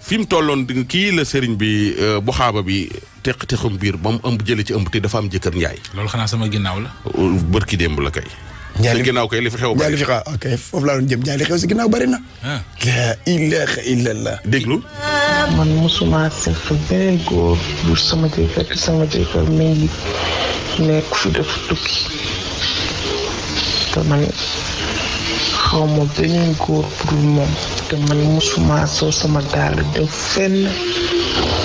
fi mu tolloon kii la sëriñ bi euh, bu xaaba bi teq tequm biir ba mu ëmb jële ci ëmb te dafa am jëkkër njaay. lool xanaa sama ginnaaw la. Euh, bërki démb la kay. ñaari ginnaaw kay li fi xew bari li fi xew ok foofu laa doon jëm ñaari xew si ginnaaw bari ah. déglu. man mosuma seq beneen góor bu sama jëkkër sama ngi nekk fi dafa tukki te man xaw ma beneen góor pour moom. te man musuma soo sama daal def fenn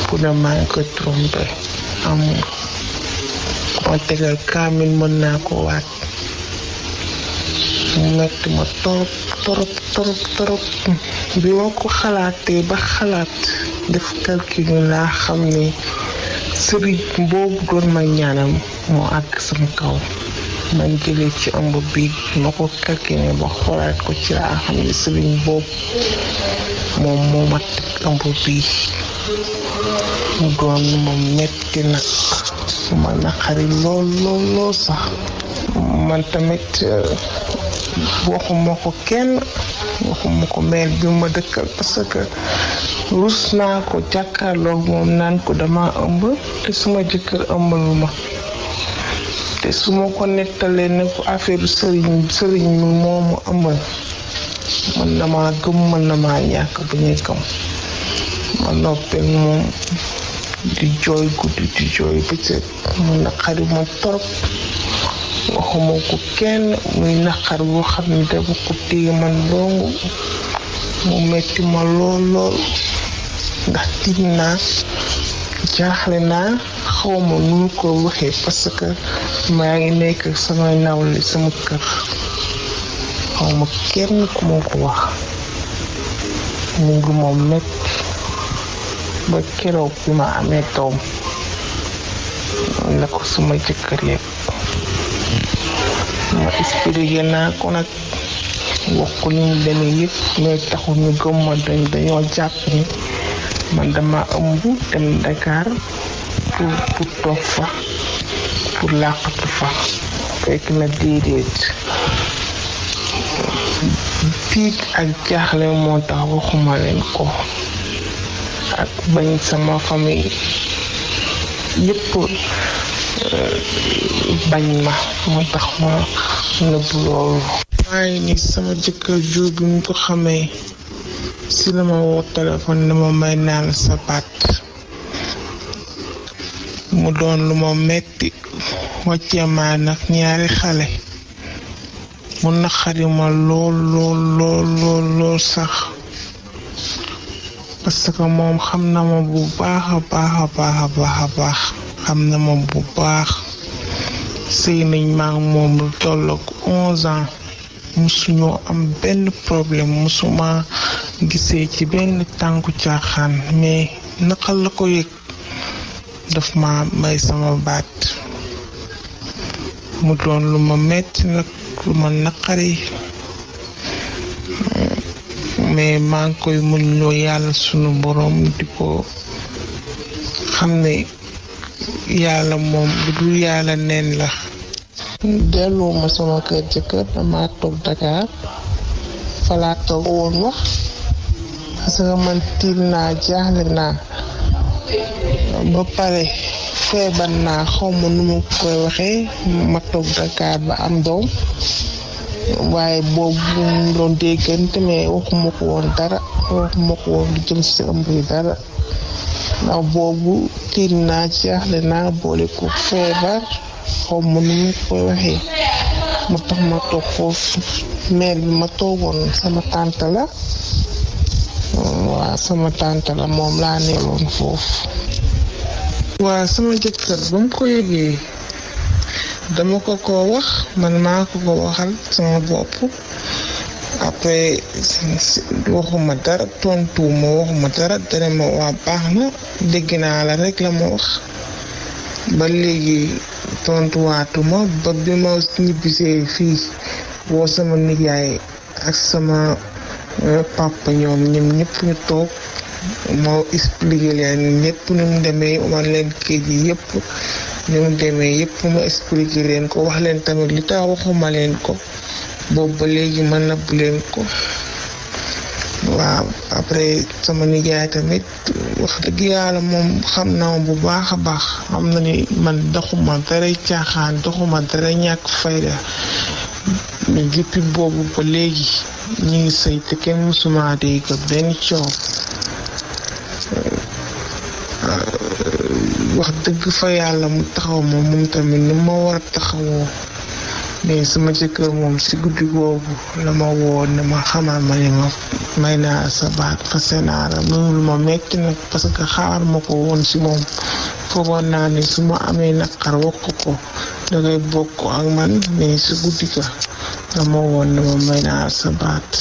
pour ne maa ngi ko trompé amul ma tegal kaamil mën naa ko waat metti ma torop torop torop torop bi ma ko xalaatee ba xalaat def calcul laa xam ne sëriñ boobu doon ma ñaanam moo àgg sama kaw ma jële ci ëmb bi ma ko kakkine ba xoolaat ko ci laa xam ne sëriñ boobu moom moo ma teg ëmb bi mu doon ma metti nag ma naqari lool lool lool sax man tamit euh, waxuma ko kenn waxuma ko meel bi ma dëkkal parce que rus naa ko jàkkaarloog moom naan ko dama ëmb te suma jëkkër ëmbalu ma te su ma ko nettalee ne ku affaire sëriñ sëriñ mi moo ma ëmbal man damaa gëm man damaa ñàkk bu ñuy gëm ma noppee moom di jooy guddi di jooy bëccëg mu naqari ma torop waxuma ko kenn muy naqar boo xam ne dama ko téye man dongu mu metti ma lool lool ndax tiit naa jaaxle naa xawma nu mu ko waxee parce que maa ngi nekk samay nawle sama kër xaw ma kenn ku ma ko wax mu ngi ma métti ba keroog bi ma amee doom la ko suma jëkkër yëpp ma expliqué naa ko nag wax ko ni taxul ñu gëm ma dañ dañoo jàpp ni man dama ëmb dem Dakar pour pour fa pour làqatu fa fekk na déedéet tiit ak jaaxle moo tax waxuma leen ko ak bañ sama famille yëpp euh, bañ ma moo tax ma nëbb loolu waaye ni sama jëkkër jur bi mu xamee si la téléphone ne ma may naan sa baat mu doon lu ma metti wàccee ma nag ñaari xale mu naqari ma lool lool lool lool sax parce que moom xam na ma bu baax a baax a baax a baax xam na ma bu baax sëy nañ maag moom lu toll onze ans musuñoo am benn problème musuma gisee ci benn tànku caaxaan mais naqal la ko yëg daf ma may sama baat mu doon lu ma metti nag lu naqari mais maa ngi koy muñ loo yàlla sunu boroom di ko xam ne yàlla moom lu dul yàlla neen la delluwuma sama kër jëkkër dama toog Dakar falaa woon wax parce que man tiit naa jaaxle naa ba pare feebar na xaw ma nu ma koy waxee ma toog Dakar ba am doom waaye boobu mu doon déggante mais waxuma ko woon dara waxuma ko woon lu boobu tiit naa jaaxle naa boole ko feebar xaw ma nu koy waxee mu tax ma toog foofu mère ma toogoon sama tante la. waa sama tante la moom laa neewoon foofu waa sama jëkkër ba ko yëgee dama ko ko wax man maa ko ko waxal sama bopp après waxuma dara tontuwuma waxuma dara dana dégg naa la rek la ma wax ba léegi tontuwaatuma ba bi ma ñibbisee fii woo sama nijaay ak sama papa ñoom ñoom ñu toog moo expliqué leen ñépp nu mu demee man leen kayit yi yëpp nu demee yëpp ma expliqué leen ko wax leen tamit li tax waxuma leen ko boobu ba léegi ma nabb leen ko waaw après sama nijaay tamit wax dëgg yàlla moom xam naa bu baax a baax xam na ni man doxuma dara caaxaan doxuma dara ñàkk fayda mais depuis boobu ba léegi ñu ngi sëy te kenn mësuma dégg benn coow euh, wax dëgg fa yàlla mu taxaw ma moom tamit nu ma war a taxawoo mais sama jëkkër moom si guddi googu la ma woo ne ma xamal ma ne ma may naa sa baat fase naa la loolu ma metti nag parce que xaar ma ko woon si moom foogoon naa ne su ma amee naqar wax ko dangay bokk ak man mais su guddi moo dama woon ne ma may naa sa baat